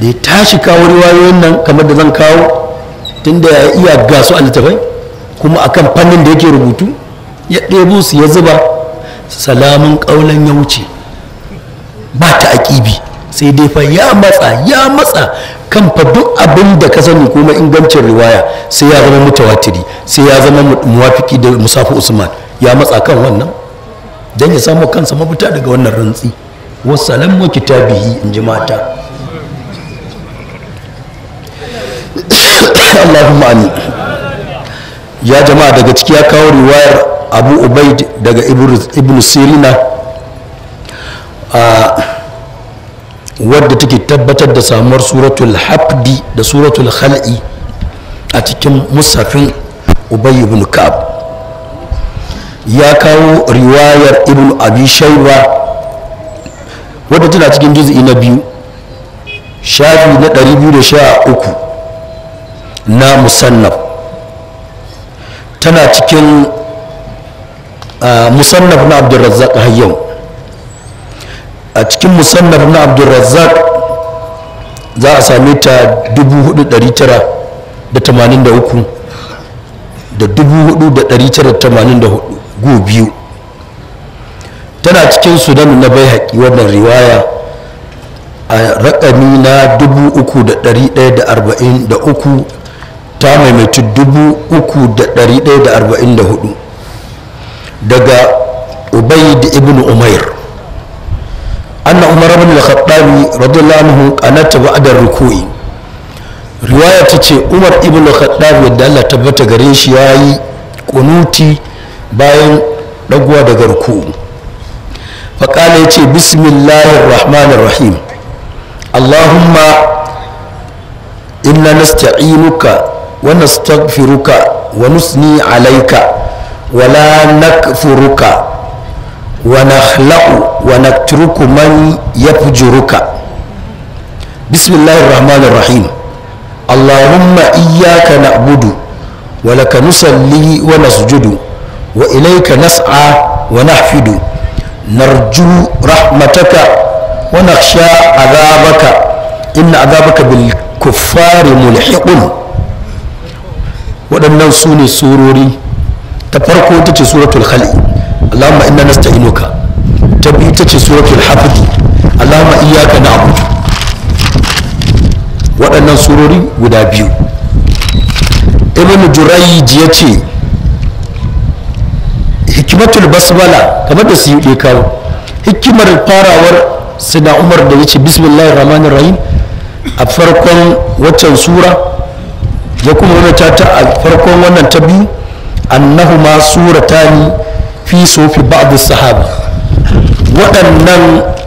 da ya tashi kawo riwayoyin nan kamar da zan kawo tunda ya iya gasu a littafai kuma akan fannin da yake rubutu ya ɗebo su ya zuba salamun ƙaunar ya wuce ba ta aƙibi sai dai fa ya matsa ya matsa kan fa duk abin da ka sani kuma ingancin riwaya sai ya zama mutawatiri sai ya zama muwafiki da musafi usman ya matsa kan wannan dan ya samu kansa mafita daga wannan rantsi wasu kitabihi in ji mata Allahumma amin ya jama'a daga ciki ya kawo riwayar abu ubaid daga ibn sirina a wadda take tabbatar da samuwar suratul habdi da suratul khal'i a cikin musafin ubay ibn ka'b ya kawo riwayar ibn abi shaiba wadda tana cikin juz'i na biyu shafi na 213 na musannaf tana cikin musannaf na abdurrazzak har yau a cikin musannaf na abdurrazzak za a same ta 4,983 da 4,984 go biyu tana cikin sudan na bai haƙi wannan riwaya a raƙami na 3,143 ta maimaici 3,144 daga ubay da ibn umair anna umar ibn al-khattabi radiyallahu anhu qanata ba'da ruku'i riwaya ta ce umar ibn al-khattabi da Allah tabbata gare shi yayi kunuti bayan daguwa daga ruku'u faqala yace bismillahir rahmanir rahim allahumma inna nasta'inuka wa nastaghfiruka wa nusni alayka wa la nakfuruka wa nakhla'u wa natruku man yafjuruka bismillahir rahmanir rahim اللهم إياك نعبد ولك نصلي ونسجد وإليك نسعى ونحفد نرجو رحمتك ونخشى عذابك إن عذابك بالكفار ملحق waɗannan su ne surori ta farko ta ce suratul khali allahumma inna nasta'inuka ta biyu ta ce suratul hafid allahumma iyyaka na'budu waɗannan surori guda biyu ibn jurayj ya ce hikimatul basmala kamar da su yi kawo hikimar farawar sina umar da ya ce bismillahir rahmanir rahim a farkon waccan sura ya kuma nuna ta a farkon wannan ta biyu annahuma ni fi sofi ba'd sahaba waɗannan